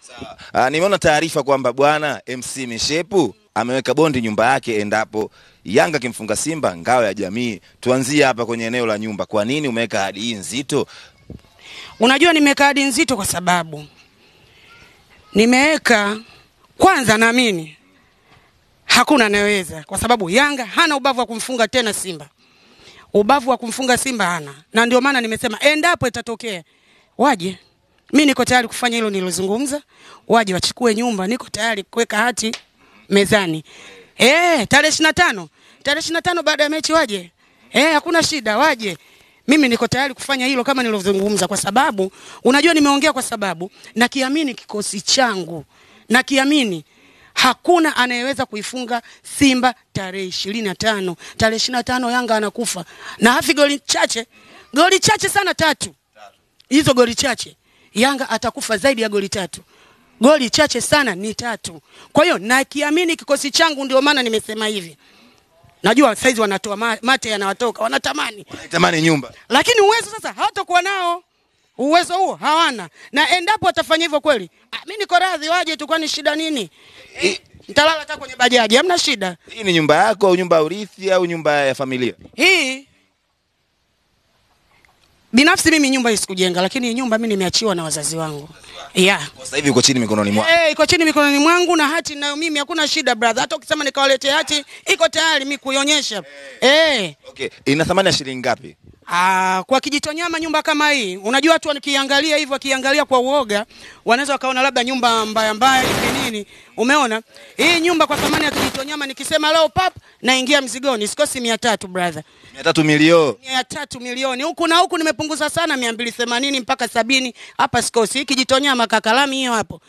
Sawa. Ah, nimeona taarifa kwamba bwana MC Mishepu ameweka bondi nyumba yake endapo Yanga kimfunga Simba ngao ya jamii. Tuanzie hapa kwenye eneo la nyumba, kwa nini umeweka hadi hii nzito? Unajua nimeweka hadi nzito kwa sababu nimeweka kwanza, naamini hakuna anayeweza, kwa sababu Yanga hana ubavu wa kumfunga tena Simba, ubavu wa kumfunga Simba hana, na ndio maana nimesema endapo itatokea waje mi niko tayari kufanya hilo nilozungumza, waje wachukue nyumba, niko tayari kuweka hati mezani. Eh, tarehe ishirini na tano tarehe ishirini na tano baada ya mechi waje. Eh, hakuna shida, waje. Mimi niko tayari kufanya hilo kama nilivyozungumza, kwa sababu unajua nimeongea kwa sababu nakiamini kikosi changu, nakiamini hakuna anayeweza kuifunga Simba tarehe ishirini na tano. Tarehe ishirini na tano Yanga anakufa na hafi goli chache, goli chache sana, tatu hizo goli chache Yanga atakufa zaidi ya goli tatu, goli chache sana ni tatu. Kwa hiyo nakiamini kikosi changu, ndio maana nimesema hivi. Najua saizi wanatoa mate yanawatoka, wanatamani wanatamani nyumba, lakini uwezo sasa hawatakuwa nao uwezo huo hawana, na endapo watafanya hivyo kweli, mimi ah, niko radhi, waje tu, kwani shida nini? Eh, nitalala hata kwenye bajaji, hamna shida. Hii ni nyumba yako au nyumba ya urithi au nyumba ya familia hii? Binafsi mimi nyumba sikujenga, lakini nyumba mimi nimeachiwa na wazazi wangu. Yeah. Sasa hivi uko chini mikononi mwangu. Eh, iko chini mikononi mwangu na hati nayo mimi hakuna shida brother. Hata ukisema nikawaletea hati iko tayari mimi kuionyesha. Eh. Hey. Hey. Okay, ina thamani ya shilingi ngapi? Ah, kwa Kijitonyama nyumba kama hii, unajua watu wakiangalia hivyo, wakiangalia kwa uoga, wanaweza wakaona labda nyumba mbaya mbaya hivi nini. Umeona? Hii nyumba kwa thamani ya nyama nikisema leo pap naingia mzigoni sikosi mia tatu brother. Mia tatu milioni. Mia tatu milioni huku na huku nimepunguza sana mia mbili themanini mpaka sabini hapa sikosi. Hiki jitonyama kakalami hiyo hapo